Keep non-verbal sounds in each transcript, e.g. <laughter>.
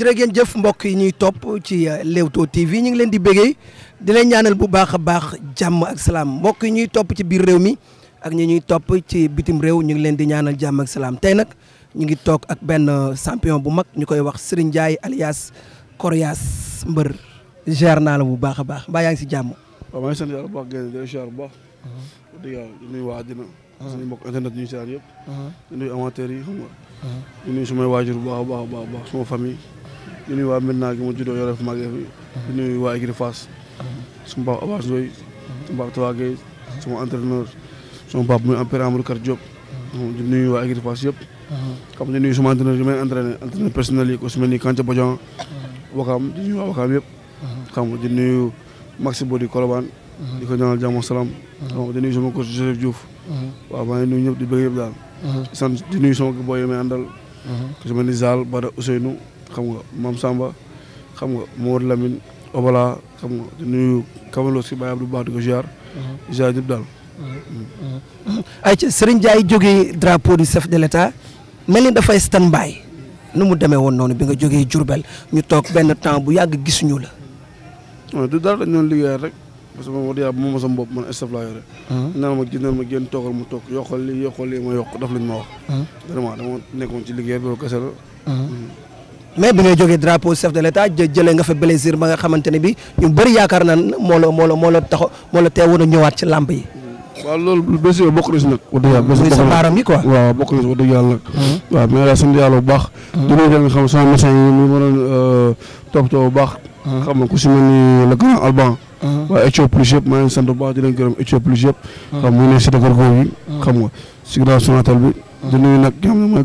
jërë ngeen jëf mbokk yi ñuy topp ci euh, Leewtoo TV ñu ngi leen di bëggee di leen ñaanal bu baax a baax jàmm ak salaam mbokk yi ñuy topp ci biir réew mi ak ñi ñuy topp ci bitim réew ñu ngi leen di ñaanal jàmm ak salaam tey nag ñu ngi toog ak benn sampion euh, bu mag ñu koy wax Serigne Ndiaye alias Coriace mbër gère naa la bu baax a baax mbaa yaa ngi si jàmm. waaw maa ngi sant yàlla bu baax waajur bu baax a baax a baax suma famille di nuyu waa Medina gi mu juddoo yore fu màggee fi di nuyu waa Igri Fass suma baab Abass Ndoye suma baab Tawa Gueye suma entraîneur suma baab muy Père Amadou Kar Diop di nuyu waa Igri Fass yëpp xam di nuyu suma entraîneur yi may entraîné entraîneur personnel yi ko su mel ni Kanté Badian Wakaam di waa Wakaam yëpp xam di nuyu Maxi Bodi Colobane di ko ñaanal jàmm salaam xam suma ni Zal Bada Ousseynou xam nga Mame Samba xam nga Mor Lamine Obala xam nga di nuyu Kamalo si Baye Abdou Ba di ko ziar. Mhm. ziar ñëpp daal. Mhm. ay ci Serigne Ndiaye jógee drapeau du chef de mel ni dafay stand by nu mu demee woon noonu bi nga jógee Diourbel ñu toog benn temps bu yàgg gisuñu la. waaw du dara dañu doon liggéeyal rek parce que moom wax dëgg yàlla bu ma mos a laa yore. Mhm. mu toog yokkal lii yokkal lii ma yokk daf lañ wax. vraiment dama nekkoon ci liggéey bi loolu kese mais bi ngay jógee drapeau chef de l'état jëlee nga fa blessure ba nga xamante ne bi ñu bëri yaakaar naan moo la moo la moo la tax moo la teewoon a ñëwaat ci làmb yi. waaw loolu blessure bokk na si nag. wax dëgg yàlla blessure sa baaram yi quoi. waaw bokk na si wax dëgg yàlla. Mm-hmm. waaw mais daal sant yàlla bu baax. Mm-hmm. dinañ leen xam sama médecin yi ñu mën a euh, toppatoo bu mm-hmm. xam nga ku si mel ni le grand alban. waaye Etio plus yëpp maa ngi sant bu baax di gërëm Etio plus yëpp. xam nga mu ngi nekk si dëkk bi. xam nga si grand Sonatel bi. di nuyu nag ñoom mooy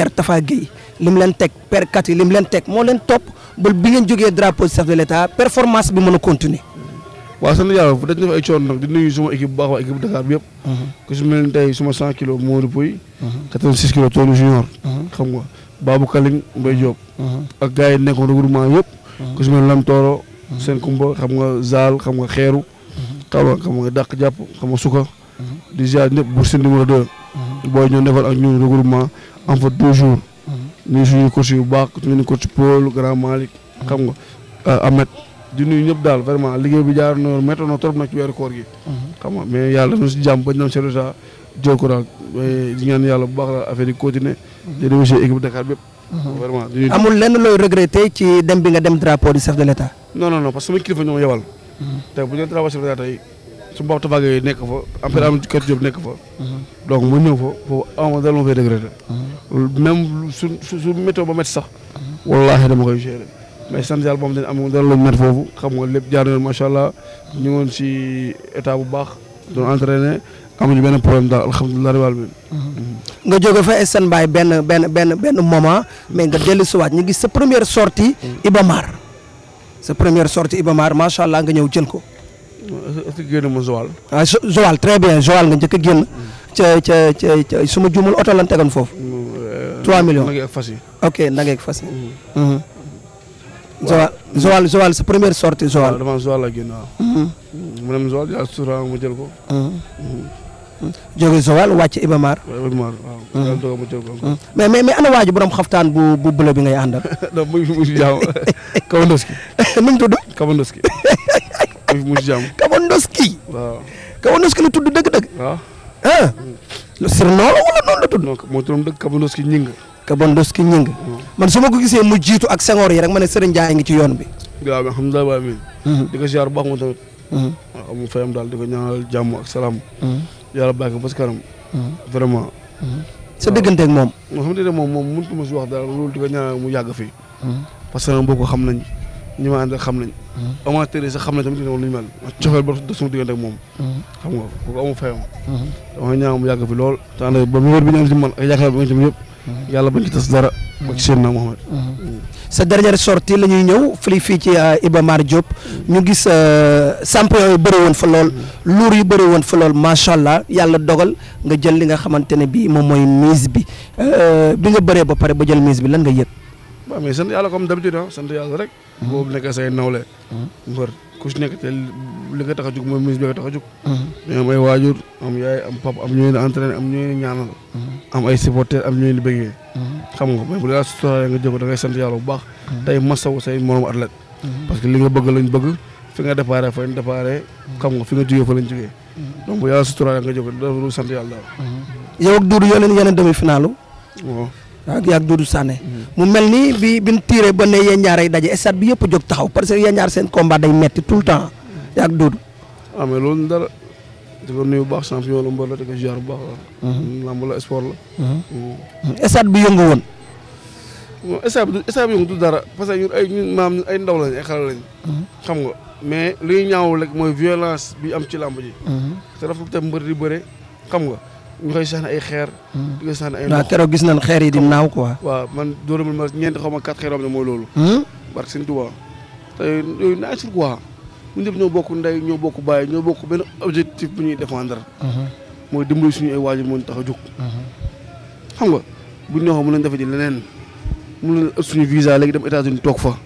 père Tafa Gueye lim leen teg père kat yi lim leen teg moo leen topp ba bi ngeen jógee drapeau chef de l' état performance bi mën a continuer. waaw sant yàlla dañ def ay coono nag di nuyu suma équipe bu baax waa équipe Dakar bi yëpp. Mhm. ku si mel ni tey suma 100 kilos Modou Pouy. 86 mhm. kilos Tony Junior. Mhm. xam nga Babou Kaling Mbaye Diop. ak gars yi nekkoon regroupement yëpp. ku si mel ni Lam Toro. seen kumba xam nga Zal xam nga Xeeru. xam nga xam nga dàq jàpp xam nga Suka. di ziar ñëpp Boursine numéro 2. booy ñoo defoon ak ñun regroupement en fait deux jours. ñu mhm. suñu coach yu baax ñu ngi coach Paul Grand Malick. Mhm. xam nga euh, Ahmed. di ñëpp daal vraiment liggéey bi jaar na méttoon na trop nag ci weeru koor gi. Mhm. xam nga mais yàlla dañoo si jàmm ba ñu doon seetlu saa jël ko daal di ñaan yàlla bu baax la amul lenn looy regretter ci dem bi nga dem drapeau du chef de l' état. non non non parce que sama kilifa yebal. tey bu ñu drapeau chef de tey su mboobu tabac yooyu nekk fa après kër Diop nekk fa. donc mu ñëw fa foofu amoo dara ma fay su su météo ba métti sax. wallaahi dama koy gérer mais sant yàlla moom dañ am xam nga lépp jaar nañu macha woon si état bu baax. doon entraîné amuñu benn problème daal alhamdulilah rabbil alamin nga jóge fa Assane Mbaye benn benn benn benn moment mais nga dellu si waat ñu gis sa première sortie Ibamar sa première sortie Ibamar macha allah nga ñëw jël ko. est génn ma Joal. ah Joal très bien Joal nga njëkk a génn. ca ca ca su ma juumul oto lan tegoon foofu. 3 euh, millions nag ak fas yi. ok nag ak fas yi. Mm-hmm. Mm-hmm. sa première sortie Joal. waaw mm-hmm. wàcc Ibamar. mais mais ana waa ji xaftaan bu bu bi ngay àndal. <laughs> <laughs> Kabandoski. <laughs> fi mujj jàmm Kabandoski. waaw Kabandoski la tudd dëgg-dëgg. waaw ah. surnom la wala noonu la tudd. non moo turam dëgg Kabandoski ñing. Kabandoski ñing. man su ma ko gisee mu jiitu ak Senghor yi rek ma ne Serigne Ndiaye ngi ci yoon bi. waaw alhamdulilah wa amiin. Hmm. di ko ziar bu baax tamit. Hmm. waaw mu fayam daal di ko ñaanal jàmm ak salaam. Hmm. yàlla bàyyi sa dëgganteeg moom. nga xamante moom moom mënut ma si wax daal mu yàgg fii. parce que mbokk xam nañ ñi ma àndal xam nañ. amaa tëddee sax xam nañ tamit dina woon lu ñu mel. ma cofeel ba dox sama diggante moom. Mm-hmm. xam nga kooku amul fayam. Mm-hmm. dama ñaaw mu yàgg fi lool. te ànd ba bi ñu am ci man ak yaakaar bi nga ci yëpp. Mm-hmm. dara. ak seen na Mouhamed. sa dernière sorti la ñuy ñëw fii fii ci euh, Iba Mar Diop ñu gis euh, champion yu bëri woon fa lool luur yu bëri woon fa lool macha allah yàlla dogal nga jël li nga xamante ne bii moom mooy mise bi euh, bi nga bëree ba pare ba jël mise bi lan nga yëg. waaw mais sant yàlla comme d'habitude a ah, sant yàlla rek. Mm-hmm. boobu nekk say nawle. Mm-hmm. mbër ku si nekk te li nga tax a jug mooy ministre bi nga tax a jug. mais mm-hmm. am ay waajur am yaay am ñooy entraîné bëggee. xam nga mais bu la nga jóg da ngay sant yàlla bu baax. tey masawu li nga bëgg lañ bëgg. fi nga déparé fa ñu déparé. xam nga fi nga jugee fa lañ jugee. donc bu yàlla suturaale nga jóg dafa sant yàlla daal. yow ak ak yaag Doudou Sané mu mel ni bi bi ñu tiiree ba ne yéen ñaar ay daje stade bi yëpp jóg taxaw parce que yéen ñaar seen combat day metti tout le temps yaag Doudou waaw ah, mais loolu dara di ko nuyu bu baax champion la la bu baax la mhm. lamb la sport la mhm. Mhm. stade bi yëngu woon moom stade bi stade dara parce ay ñun maam ñun ay ndaw lañ lañ xam nga mais li ñaaw ñaawul mooy violence bi am ci lamb ji te dafa te mbër di bëre xam nga ñu koy sànni ay xeer. di ko sànni ay ndox waaw keroog gis nañ xeer yi di naaw quoi. waaw man dóor ma ñeenti xaw ma quatre xeer am ne mooy loolu. Hmm? barke Sëñ Tuubaa te naa sur quoi ñun ñëpp ñoo bokk ndey ñoo bokk baay ñoo bokk benn ñuy défendre. Hmm. mooy dimbali suñu ay waajur moo ñu tax a jóg. Hmm. nga bu ñu neexoon mën nañu defee ji leneen mën nañu ëpp suñu visa léegi dem États-Unis toog fa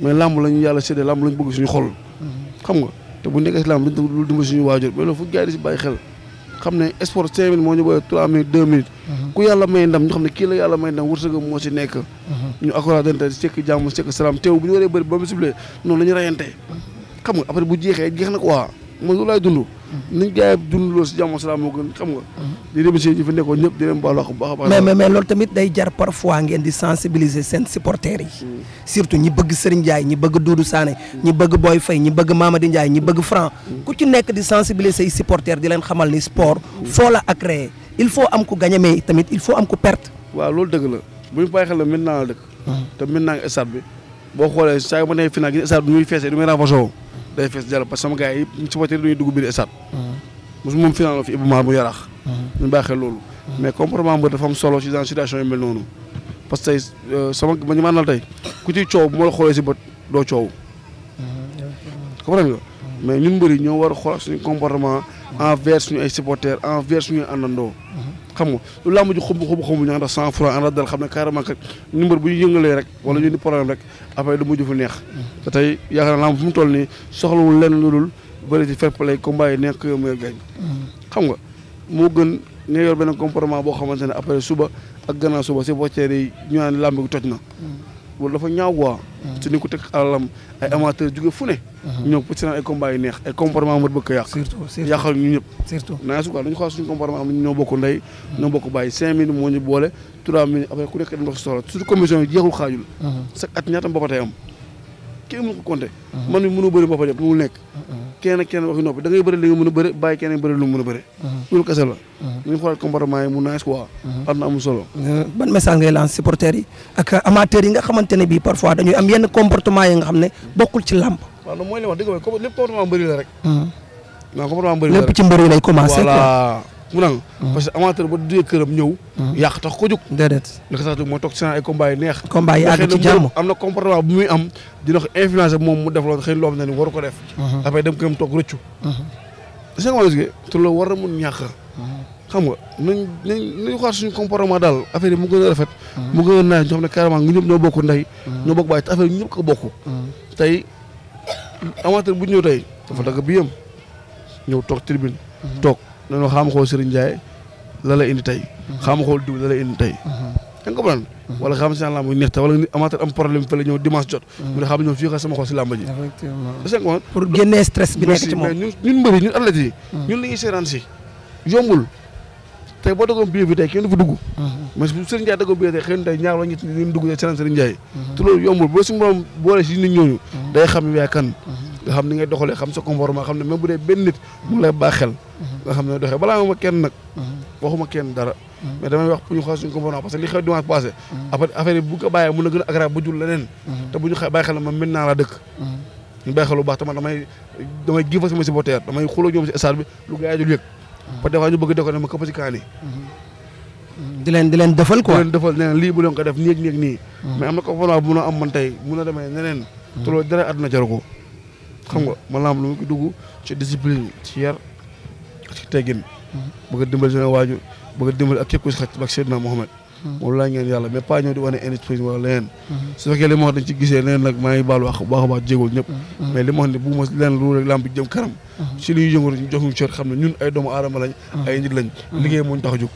mais làmb lañu yàlla séddee làmb lañu bëgg nga te bu nekkee si làmb duñ dimbali suñu waajur mais loolu foog gars si bàyyi xel xam ne sport cinq minutes moo ñu boole trois minutes deux minutes mhm. ku yàlla may ndam ñu xam ne kii la yàlla may ndam wërsëgam moo si nekk mhm. ñu accordante sekk jàmm sekk salaam teew bu ñu waree bëri ba mu siblee noonu la ñu rayante mhm. xam nga après bu jeexee jeex na quoi man loolu laay dund niñ gars yi dundaloo si jàmm salaam moo gën xam nga di remercier ñi fi nekkoon ñëpp di leen baalu wax bu baax a baax mais loolu tamit day jar parfois ngeen di sensibiliser seen supporters yi mm. surtout ñi bëgg Serigne Ndiaye ñi bëgg Doudou Sané ñi bëgg booy fay ñi bëgg Mamadi Ndiaye ñi bëgg Franc mm. ku ci nekk di sensibiliser say supporters di leen xamal ni sport mm. foo la agréé il faut am ku gagné mais tamit il faut am ko perte waa loolu dëgg la bu ñu bàyyi xel la maintenant la dëkk te maintenant stade bi boo xoolee saa yu ma nee day fees jàll parce que sama gars yi supporter dañuy dugg biir stade mm-hmm. mosu moom final fi Ibou Mar bu yaraax mm-hmm. ñu baaxee loolu mm-hmm. mais comportement mbër dafa am solo ci dans situation yu mel noonu parce que tey euh, sama ma ñu ma àndal tey ku ci coow bu ma xoolee si bët doo coow Mm-hmm. comprendre nga mais ñun mbëri ñoo war a xool suñu comportement envers suñu ay supporters envers suñu àndandoo mm-hmm. xam nga lu làmb ji xumb xumb xumb ñu ànd ak cent franc ànd ak dal xam ne carrément kat ñu mbër bu ñu yëngalee rek wala ñu di problème rek après du mujj fu neex mm-hmm. te tey yaakaar naa làmb fu mu toll nii soxlawul lenn lu dul bëri ci fair play combat yi nekk yow mooy gañ xam nga moo gën nga yor benn comportement boo xamante ne après suba ak gannaaw suba supporters yi ñu làmb gi na loolu dafa ñaaw quoi. ci ni ko teg alalam ay amateur jóge fu ne. Mm-hmm. ñëw pour ay combats yu neex ay comportement mën bëgg a yàq. surtout surtout yàqal ñu ñëpp. naa su quoi dañu xool suñu comportement am ñoo bokk ndey. ñoo bokk bàyyi cinq mille moo ñu boole trois mille après ku nekk dañ ko soxla surtout commission yi jeexul xaajul. Mm-hmm. chaque at ñaata mboq am. kenn mënu ko compter. man mi mënoo bëri boppam yëpp mu nekk. kenn kenn waxi noppi da ngay bëri li nga mën a bëri bàyyi keneen bëri lu a bëri. loolu la. ñu xoolal comportement yi mu nice quoi. am na amul solo. ban message ngay ne bii parfois dañuy am yenn comportement yi nga xam ne bokkul ci làmb. waaw mooy li la rek. waaw hmm. ci mbëri lay commencé. voilà mu nang parce que amateur ba duyee këram ñëw yàq tax ko jóg déedéet li ko tax jóg moo toog seen ay combat yi neex combat yi àgg ci jàmm am na comportement am dina moom mu def loolu loo xam ne ni waru ko mhm. dem këram toog rëccu mhm. seen war na mun mhm. xam nga nañ nañ nañ xool suñu comportement daal affaire mu gën a rafet mu gën a naaj ñu xam ne carrément ñu ñëpp ñoo bokk ndey ñoo bokk baay te affaire yi ñëpp ko bokk tey amateur bu ñëw tey dafa dagg biyam ñëw toog tribune toog noonu xaama xool Serigne Ndiaye la la indi tey mhm. xaama xool diw la la indi tey da nga ko mën wala xam si làmb neex ta wala amateur am problème fële ñëw dimanche jot mhm. mu ne xam ñëw fii xa sama xol si làmb ji effectivement pour génne stress bi nekk ci moom ñun ñun mbëri ñun athlètes yi mhm. ñun la ñuy seeraan si yombul tey boo daggoon billet bi tey kenn du fa dugg mais bu Serigne Ndiaye daggoo billet tey xëy na tey ñaar la ñu dugg seeraan Serigne Ndiaye te loolu yombul boo suñu borom boole si nit ñooñu day xam yaay kan nga xam ni ngay doxalee xam sa comportement xam ne même bu dee benn nit mu lay baax xel nga xam ne doxee balaa ma kenn nag waxuma kenn dara mais damay wax pour ñu xool suñu comportement parce que li xew dimanche passé après affaire yi bu ko bàyyee mun na gën a aggrave ba jur leneen te bu ñu bàyyi naa la dëkk ñu bàyyi xel bu baax tamit damay damay giifa sama supporter damay xuloo ñoom si stade bi lu gars yi dul yëg parce que des fois ñu bëgg def ko ne ma di leen di leen defal quoi di leen defal lii bu leen def nii ak nii ak nii mais am na comportement mun a am man tey mun a demee neneen te loolu dara àdduna jaru ko xam nga ma lamb lu ma ko dugg ci discipline ci yar ci teggin bëgg a dimbali sama waajur bëgg a dimbali ak képp ku si xaj bak Seydina Mohamed mm-hmm. ma wax dañ nag maa baal wax baax a baax ñëpp mm-hmm. mais li ma wax ne bu ma leen lu rek lamb bi jëm kanam mm-hmm. si li ñuy yëngu ñu jox ñu cër xam ne ñun ay doomu aadama lañ ay nit lañ liggéey moo ñu tax a jóg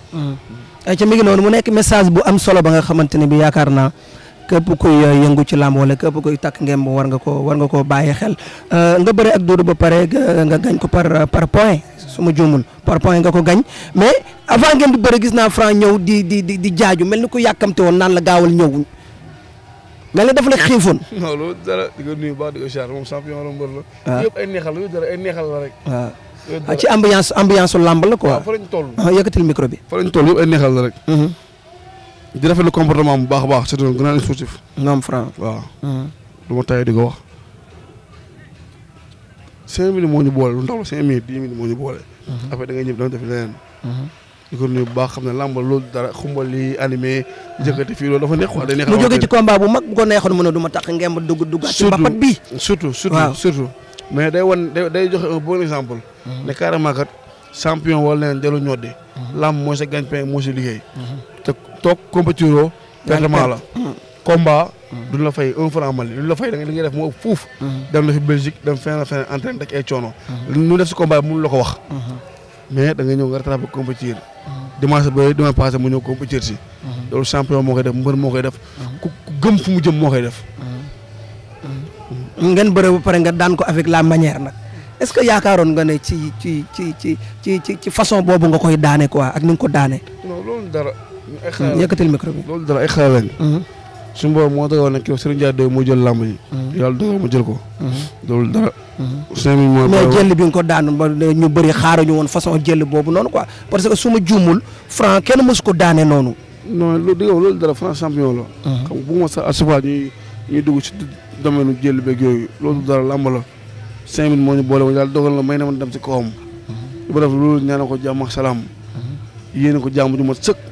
ca mi ngi noonu mu nekk message bu am solo ba nga xamante ne bi yaakaar naa képp koy uh, yëngu ci làmb wala képp koy takk ngemb war nga ko war nga koo bàyyi xel uh, nga bëre ak Doudou ba pare nga gañ ko par uh, par point su ma juumul par point nga ko gañ mais avant ngeen di bëre gis naa Franc ñëw di di di di jaaju mel ni ku yàkkamte woon naan la gaawal ñëw mel ni daf la xiifoon. <laughs> non loolu dara di ko nuyu baax di ko char moom champion la mbër la. Ah. la dara ay neexal la rek. waaw ah. ah, ci bi. fa di rafetlu comportement bu baax baax c'est un grand sportif. naam Franc waaw. Mm-hmm. di ko wax. cinq moo ñu boole lu ndaw la cinq mille dix mille moo ñu boole. Mm-hmm. après da mm-hmm. bu baax xam ne làmbal loolu dara xumbal li animé jëkkati fii loolu dafa neex quoi day bu mag bu ko neexoon mu ne du ma tax ngemb dugg duggaat ci mbapat bi surtout surtout surtout. mais day wan day joxe un bon exemple. ne carrément kat champion wala leneen dellu ñoddi. làmb mooy sa gagne-pain mooy sa liggéey. toog compétiroo pertement la mm. combat duñ la fay un franc mali duñ la fay da nga li ngay def moo ëpp fuuf mm-hmm. dem na fi Belgique dem feneen feneen entraîné rek ay coono mm-hmm. lu def si combat bi mënu ko wax mm-hmm. mais da ñëw nga rattrapé compétir dimanche ba dimanche passé mu ñëw compétir si loolu champion moo pare nga daan ko avec la manière nag est-ce que yaakaaroon nga ne ci ci ci ci ci ci façon boobu nga koy daane quoi ak ni nga ko daane ay xale lañ yëkkatil micro bi loolu dara ay xale lañ mm-hmm. suñu boobu moo jël làmb yi mm-hmm. yàlla dogal ma jël ko mm-hmm. loolu dara cinq mille mooy jël bi nga ko daanu ba ñu bëri xaaruñu woon façon jël boobu noonu parce que su ma juumul ko daane noonu non loolu dëgg loolu dugg ci domaine jël beeg yooyu loolu dara làmb la moo ñu boole woon yàlla dogal na may na man dem ci kawam ba def ko jàmm ak sëkk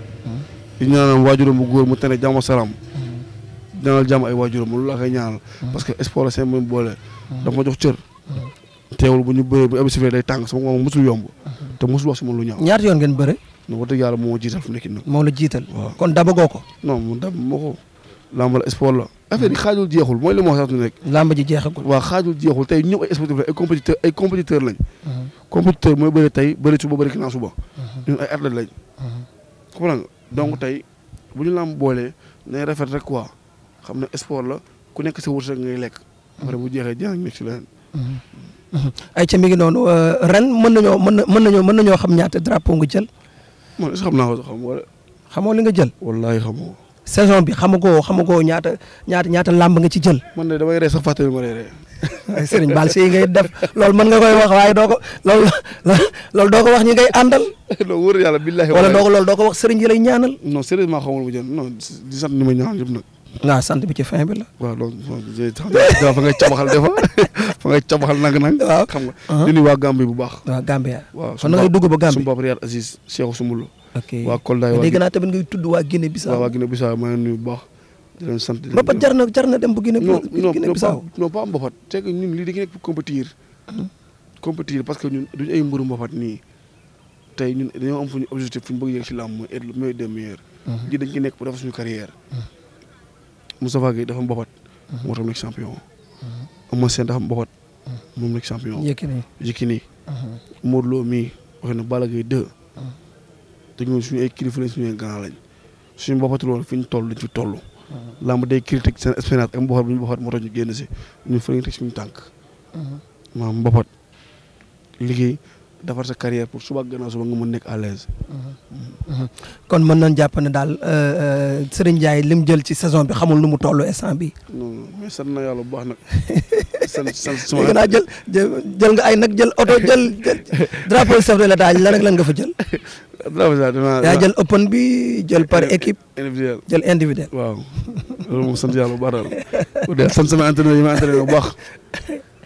di ñaanal waajuram bu góor mu tane jàmm salaam mm-hmm. ñaanal jàmm ay waajuram loolu laa koy ñaanal mm-hmm. parce que sport la seen moom boole mm-hmm. dafa ma jox cër teewul bu ñu bëree bu ñu abisifee day tàng sama moom mosul yomb te mosul lu ñaaw ñaata yoon ngeen bëre non yàlla moo jiital fu moo la jiital waaw kon dabagoo ko non mu dab moo ko lamba la sport la affaire yi xaajul jeexul mooy li ma wax sax nekk lamba ji jeexagul waaw tey ñëw ay sportif la ay compétiteur ay compétiteur lañ compétiteur mooy bëri tey bëri suba bëri ginnaaw suba ñun ay athlète lañ comprends donc tey bu ñu làmb boolee dañ rafet rek quoi xam ne sport la ku nekk si sa wërsëg ngay lekk. après bu jeexee jeex nañ ci leneen. Mm-hmm. ay ca mi ngi noonu euh, ren mën nañoo mën na mën nañoo mën nañoo xam ñaata drapeau nga jël. man est xam naa ko xam wala. xamoo li nga jël. wallaahi xamoo saison bi xamagoo xamagoo ñaata ñaata ñaata làmb nga ci jël. man de damay rey sax fàttali ma rey waaye sëriñ Baal si def loolu mën nga koy wax waaye doo lool loolu doo ko wax ñi ngay àndal. <laughs> loolu wóor yàlla wala doo ko doo ko wax sëriñ yi lay ñaanal. non sérieusement xamul mu jël non di sant ni ma ñaanal yëpp nag. sant bi ci fin bi la. waaw loolu moom <laughs> fa nga cabaxal defa fa nga cabaxal nang nang waaw xam nga. Uh-huh. di nuyu waa Gambie bu baax. waaw Gambie waaw. kon na ngay dugg ba Gambie suñu bopp Riyad Aziz Cheikh Soumboulou. ok waa Kolda waa dégg a tamit ngay tudd waa Guinée a waa Guinée Bissau maa ngi nuyu bu baax di leen sant mbapat jar na jar na dem bu Guinée Guinée Bissau non pas mbapat c'est ñun lii dañu nekk pour mm-hmm. compétir parce que ñun duñu ay mburu mbapat nii tey ñun dañoo am fu ñu objectif fu ñu bëgg yegg ci làmb mooy être le meilleur des meilleurs mm-hmm. nekk pour defar suñu carrière mm-hmm. Moustapha Gueye dafa mbapat moo nekk champion Ama Sène dafa mbapat moom nekk champion Yékini te ñun suñu ay kilifa lañ suñu ay grand lañ suñu boppatul woon fi ñu toll duñ fi toll. làmb day critique seen expérience ak mboxat bu moo tax génn si ñu teg suñu tànk. maam mboxat liggéey defar sa carrière pour suba ak gannaaw suba nga mën nekk à kon mën nañ jàpp ne daal euh, euh, Serigne Ndiaye lim jël ci saison bi xamul nu mu toll instant bi non non mais sant na yàlla bu baax nag. <laughs> sant sant sama nga jël jël nga ay nag jël oto jël drapeau la nga fa jël. <laughs> yaa jël open bi jël par équipe. individuel jël individuel. waaw loolu moom sant yàlla bu baax daal. <laughs> sant sama entraîneur yi ma entraîné bu baax.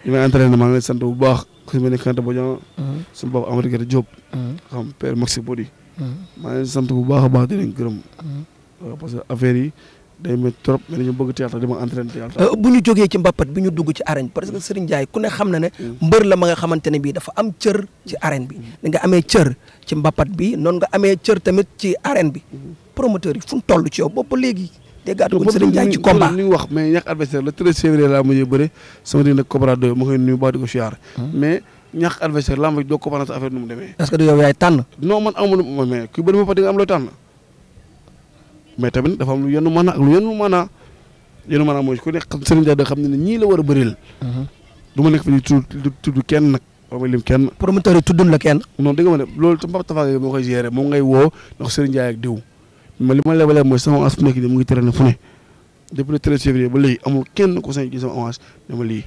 yi ma entraîné maa ngi sant bu baax ku mel ni Kante Bodian. Mm-hmm. suñu bopp Amady Diop. Mm-hmm. xam père Maxi Bodi. Mm-hmm. maa ngi sant bu baax a baax di leen gërëm. parce que day métti trop mais dañu bëgg théâtre di ma entraîner théâtre euh, bu ñu jógee ci mbappat bi ñu dugg ci arène parce que Serigne Ndiaye ku ne xam na mm. mbër la ma nga xamante ne dafa am cër ci arène bi da mm. nga amee cër ci mbappat bi noonu nga amee cër tamit ci arène bi mm. promoteur yi fu mu ci yow boobu léegi déggaat ko Serigne Ndiaye ci combat li wax mais ñàkk adversaire le 13 février laa mujjee bëre sama dig nag Cobra doy mu demee est-ce que du yow mais kuy mais tamit dafa am lu yenn mën a ak lu yenn mën a yenn mën a mooy ku ne Serigne Dia da xam ne war a bëril. Mhm. du ma fi di tudd kenn nag. ba lim kenn. promoteur yi tuddun la kenn. non dégg nga ma ne loolu tam Papa Tafa Gueye moo koy gérer moom ngay woo ndax Serigne ma la lebalee mooy sama avance mu ngi traîner fu ne depuis le treize février ba léegi amul kenn ku sañ ci sama avance dama lii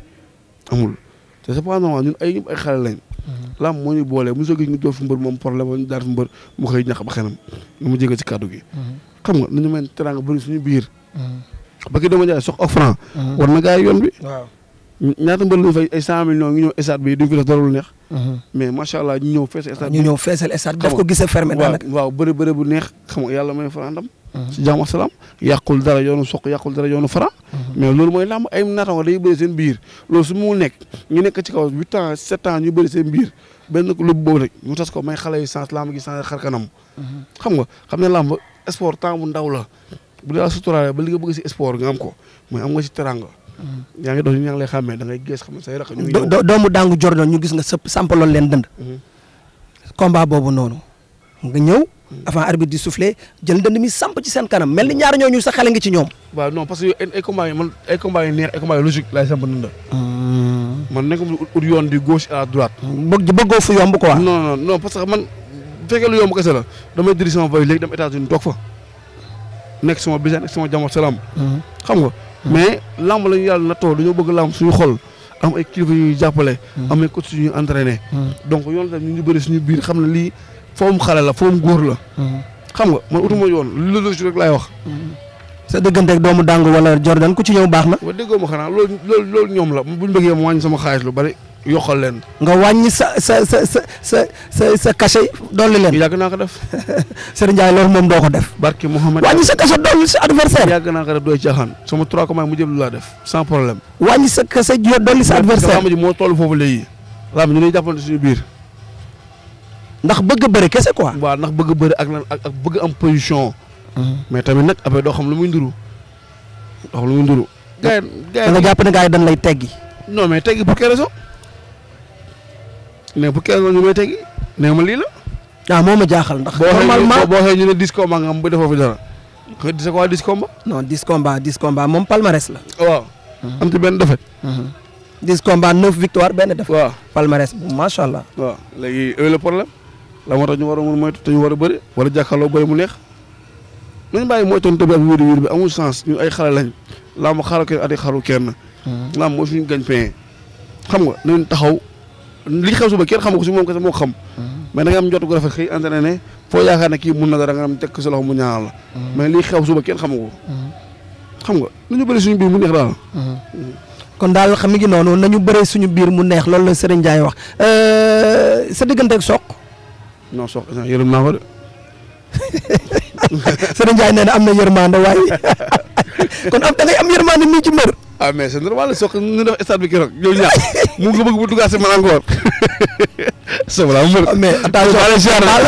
amul te c'est pas normal ay mhm. moo ñu boole mosoo gis ñu dóor fu mbër moom problème mu daal fu mbër mu koy ñax ba gi. Mhm. xam nga nañu mën teraanga bëri suñu biir. Hmm. ba ki dama jaay sox ak franc. Hmm. war na gaa yi yoon bi. waaw ñaata mbër lañu fay ay cent millions ñu ñëw stade bi duñ fi def dara lu neex. Hmm. mais macha allah ñu ñëw feesal stade bi. bi daf ko gisee fermé daanaka. waaw waaw bëri seen biir loolu su nekk ñu nekk ci kaw huit ans sept ans ñu bëri seen biir benn lu boobu rek ñu tas ko may xale yu sens làmb gi sens xar kanam. xam nga xam ne làmb sport temps bu ndaw la bu dee la suturaale ba li nga bëgg si nga am ko mooy am nga si teranga mm-hmm. yaa ngi dox ñu ña ngi lay xàmmee da ngay gees xam say rakk ñu doomu daangu Jordan ñu gis nga sëpp sampaloon leen dënd mm-hmm. combat boobu noonu nga ñëw mm-hmm. avant arbitre di soufflé jël ndënd mi samp ci seen kanam mel ni ñaar ñooñu sa xale ngi ci ñoom. waaw non parce que neex ay combats yi logique laay ndënd. man nekkul ut yoon di gauche à droite. bëgg bëggoo fu yomb quoi. bu fekkee lu yomb kese la damay diri sama voyage léegi dem États-Unis toog fa nekk sama business nekk sama jamono salaam. Mhm. xam nga mhm. mais lamb la ñu yàlla nattoo dañoo bëgg lamb suñu xol am ay kilifa yu jàppale. Mhm. am ay coach yu ñuy donc yoon tam ñu ngi bëri suñu biir xam ne lii foom xale la foom góor la. xam nga man utuma yoon lu logique rek laay wax. sa dëgganteeg doomu dàngu wala Jordan ku ci ñëw baax na. wa déggoo ma xanaa loolu loolu loolu ñoom la buñ bëggee ma wàññi sama xaalis lu bari. yokkal leen. nga wàññi sa sa sa sa sa sa sa cachet dolli leen. yàgg naa ko def. <laughs> Serigne Ndiaye loolu moom doo ko def. barki Mouhamad wàññi sa cachet dolli sa adversaire. yàgg naa ko def dooy caaxaan. sama trois communes mu jëm lu laa def sans problème. wàññi sa cachet yo dolli sa adversaire. lamb ji moo toll foofu léegi. lamb ñu ngi jàppante suñu biir. ndax bëgg bëri kese quoi. waaw ndax bëgg bëri ak lan ak bëgg am position. Hmm. mais tamit nag après doo xam lu muy nduru doo xam lu muy nduru. gars yi gars yi da nga jàpp ne gars yi dañ lay teggi. non mais teggi pour quelle raison mais bu kenn ñu may tegi nee ma lii la. waaw ah, moo ma jaaxal ndax. boo waxee ñu ne dix combats nga am bu defoo fi dara. xëy na c'est quoi dix moom palmarès la. Oh, waaw. Mhm. benn défaite. Mhm. dix combats neuf benn défaite. waaw macha allah. waaw léegi la tax ñu war a mun moytu te war a bëri. wala jàkkaarloo bëri mu neex. nañ bàyyi moytandiku bi ak wéeru wéeru bi amul sens ay xale lañ laa ma xaaral kenn ati xaru mhm. laa mooy suñu gagne-pain xam nga nañ taxaw. li xew suba kenn xamu ko si moom kese moo ko xam. Mm-hmm. mais da nga am njot gu rafet xëy entraîné foo yaakaar ne kii mun na dara nga am teg ko sa loxo mu ñaanal la. Mm-hmm. mais li xew mm-hmm. xam nga nañu bëri suñu biir mu neex daal. kon daal xam mi ngi noonu nañu bëri suñu biir mu neex loolu la Serigne Ndiaye wax euh, sa diggante ak soq. non soq yërëm naa ko de. <laughs> Serigne Ndiaye nee na am na yërmande waaye <laughs> <laughs> kon am da ngay am yërmande ah mais c'est normal soq ñu def stade bi keroog ñoom ñaar mu nga bëgg bu duggaat si man encore. sëñ Bala mu la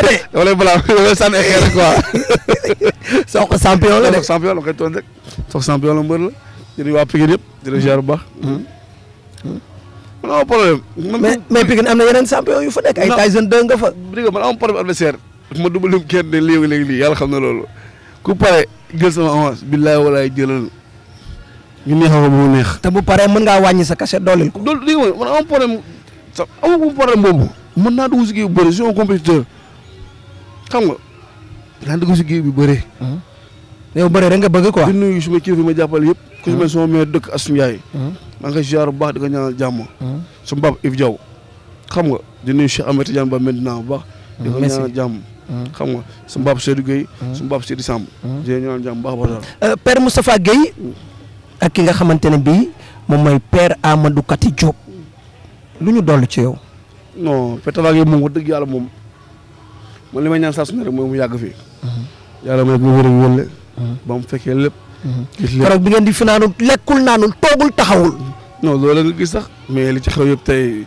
de wala balaa wala sànni la de soq champion la koy toon rek. soq champion la mbër la jërëjëf waa Pikine yëpp jërëjëf ziar bu baax. Hmm. Hmm. man amoo problème. mais mais am na yeneen champion yu fa nekk ay Tyson 2 nga fa. dégg man amoo problème adversaire ma dubalim kenn de léegi léegi lii yàlla xam na loolu ku pare jël sama avance billaay walaay jëlal. ñu neexoo ko mu neex. te bu paree mën ngaa wàññi sa cachet dooleel ko. loolu dégg nga man am problème sa amu problème boobu mën naa dugg si géew bu bëri si compétiteur xam nga dinaa dugg si géew bi bëri. yow bëri rek nga bëgg quoi. di nuyu suma kilifa ma jàppale yëpp. Mm. ku si mel sama maire dëkk Assou Ndiaye. Mm. maa ngi koy ziar bu baax di ko ñaanal jàmm. Mm. sama bab Yves Diaw xam nga di nuyu Cheikh Ahmed Tidiane Ba maintenant bu baax. di ko ñaanal jàmm. xam nga sama bab Seydou Gueye. sama bab Seydou Samb. di leen ñaanal jàmm bu baax a baax. Euh, Père Moustapha Gueye. ak ki nga xamante ne bii moom mooy père Amadou Kati lu ñu dollu ci yow. non Fetala ak moom wax dëgg yàlla moom man li may ñaan saa su ne rek mooy mu yàgg fii. yàlla may ko wér ba mu fekkee lépp. gis lépp bi ngeen di finaanul lekkul naanul toogul taxawul. non la nga gis sax mais li ci xew yëpp tey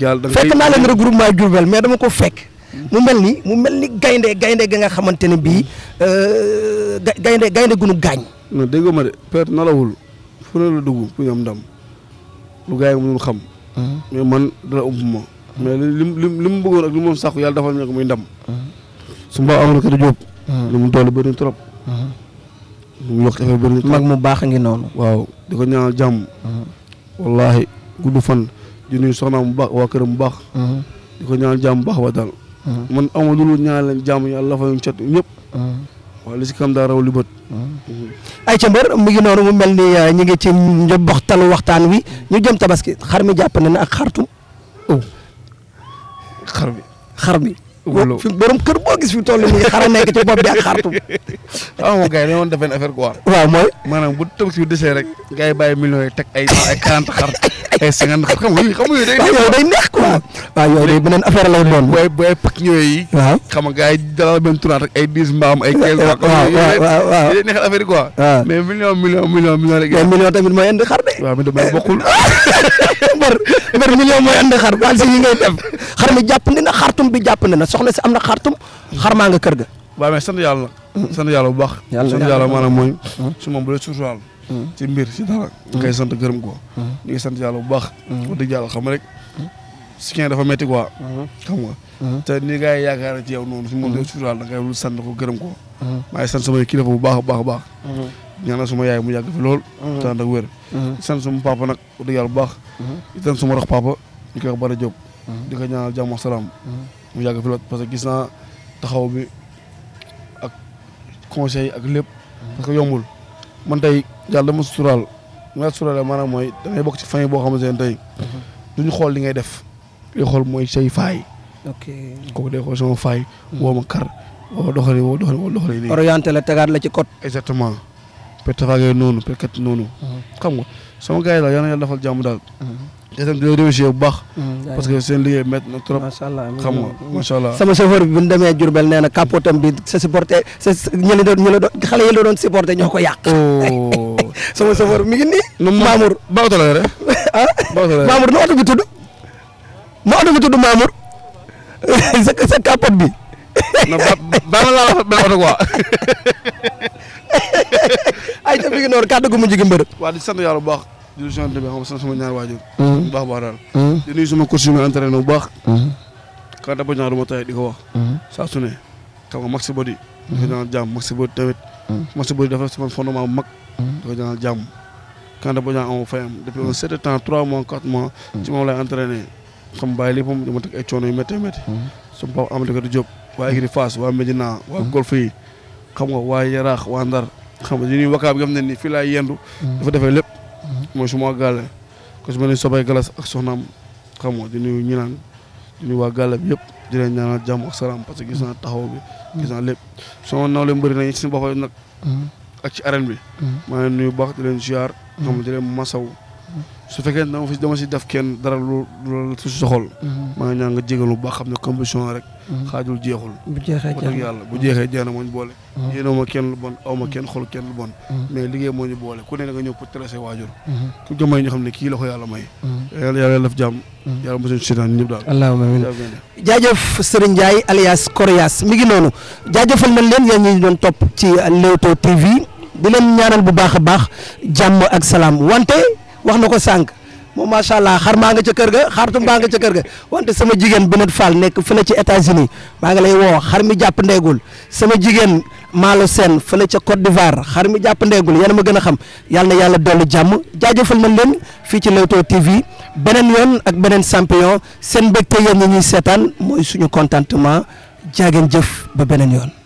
yàlla da naa leen regroupement Diourbel mais dama ko fekk. mu mel ni mu mel ni gaynde gaynde ga nga xamante ne bii euh, gaynde gaynde gunu gaañ. non déggoo ma de père nalawul fu ne la dugg pour ñu am ndam lu gars yi mënul xam. Mhm. mais man dara ump ma. Mhm. mais li li li mu bëggoon ak li mu doon sàkku yàlla defal ndam. Mhm. su mbaa amoon kër Diop. li mu doole bëri trop. li mu yokk affaire bëri trop mag mu baax a ngi noonu. waaw di ko ñaanal jàmm. wallaahi gudd fan di nuyu soxnaam bu baax waa këram bu baax. di ko ñaanal jàmm bu baax ba daal. man amul lu ñaan leen jàmm yàlla defal ñu cat ñëpp. waaw lu si kam daa raw li bët. ay ah. ca mbër mu ngi noonu mu mel ni ah, ñu ngi ci njobboxtalu waxtaan wi ñu jëm tabaski xar mi jàpp na ne ak xartum. Oh. xar bi bi. wóoloo fi borom kër boo gis fi toll mu ngi xara nekk ci bopp bi ak xartum. <laughs> ah waaw mooy. maanaam bu tabaski bi desee rek. gars bàyyi millions yi teg ay ay xar. Eh, ay cinquante xam nga yooyu xam nga yooyu day. waaw yow day ay bu ay pàcc yooyu. waaw xam nga gars yi dalal benn tournant rek ay dix mbaam ay quinze. Eh, waaw waaw waaw day neexal affaire million million million million rek. million tamit mooy indi xar de. <laughs> million mooy indi xar baal si yi def xar mi jàpp na xartum bi jàpp na soxla si am na xartum xar maa nga kër ga. waaw mais sant yàlla. Mm. sant yàlla bu baax. yàlla yàlla sant bu dee suuf ci mbir ci dara mm-hmm. nga sant gërëm ko mm-hmm. ñu ngi sant yàlla bu baax mm-hmm. wax dëgg yàlla xam rek soutien dafa métti quoi xam nga te ni gars yi yaakaar ci yow noonu su moom dee suturaal da ngay lu sant ko gërëm ko maa ngi sant bu baax a baax a baax ñaanal suma yaay mu yàgg fi lool te ànd ak wér sant suma papa nag wax dëgg bu baax itam suma rax papa ñu koy wax Bada Diop di ko ñaanal mu yàgg fi lool parce que gis naa taxaw bi ak conseil ak lépp parce que yombul man yàlla dama suturaal ma suturaale maanaam mooy dangay bokk ci famille boo xamante ne tey mhm. duñu xool li ngay def li xool mooy say faay ok kooku day xool sama faay woo ma kar woo doxali woo doxali woo doxali nii orienté la tegaat la ci code exactement peut tafagee noonu peut kat noonu mhm. xam nga sama gars yi daal yal na yàlla defal jàmm daal desam dina réussir bu baax mhm, parce que seen liggéey métti na trop macha allah xam nga macha allah sama chauffeur bi bu ñu demee Diourbel nee na capotam bi sa supporté sa ñëli doon ñëla doon xale yi la doon supporté ñoo ko yàq oh. sama chauffeur mi ngi nii. Mamour ba oto la rek. Ah? <laughs> ma laa wax benn oto quoi. ay baax. ñaar waajur. bu baax a mm-hmm. baax daal. Mm-hmm. di nuyu sama mm-hmm. dafa sama fondement bu mag. di ko ñaanal jàmm. Kanda Bodian amoo fayam yu méttee métti. su ma papa Amady mm-hmm. nga waa Yaraax waa Ndar. xam nga li ñuy wakaab nga xam ne nii fii laay yendu. Mm-hmm. dafa defee lépp. Mm-hmm. mooy su ma gàlle. ko su ma nee Sobay Galas ak soxnaam xam nga di nuyu ñinaan di nuyu waa gàlle bi yëpp di leen ñaanal jàmm ak salaam parce que gis naa taxaw gis naa lépp soo naaw leen bëri nañu si boppam nag. ak ci arène bi. Mm-hmm. maa ngi nuyu baax di leen ziar. Mm-hmm. xam di leen masaw. Mm-hmm. su fekkee dama fi dama si def kenn dara lu lu soxol. bu baax xam ne compétition rek. xaajul jeexul. bu jeexee jeex yàlla bu jeexee jeex na moo ñu boole. yéen ma kenn lu bon aw ma kenn xool kenn lu bon. mais liggéey noonu jaajëfal nañ leen yéen ñi doon topp ci Leewtoo TV. di leen ñaanal bu baax a baax jàmm ak salaam wante wax na ko sànq moom macha allah xar maa nga ca kër ga xartu mbaa nga ca kër ga wante sama jigéen Binette Fall nekk fële ci États-Unis maa ngi lay woo xar mi jàpp ndeegul sama jigéen Malo Sène fële ca Côte d'Ivoire xar mi jàpp ndeegul yéen ma gën a xam yàlla na yàlla dolli jàmm jaajëfal ma leen fii ci Leewtoo TV beneen yoon ak beneen champion seen te yéen ñi ñuy seetaan mooy suñu contentement jaageen jëf ba beneen yoon.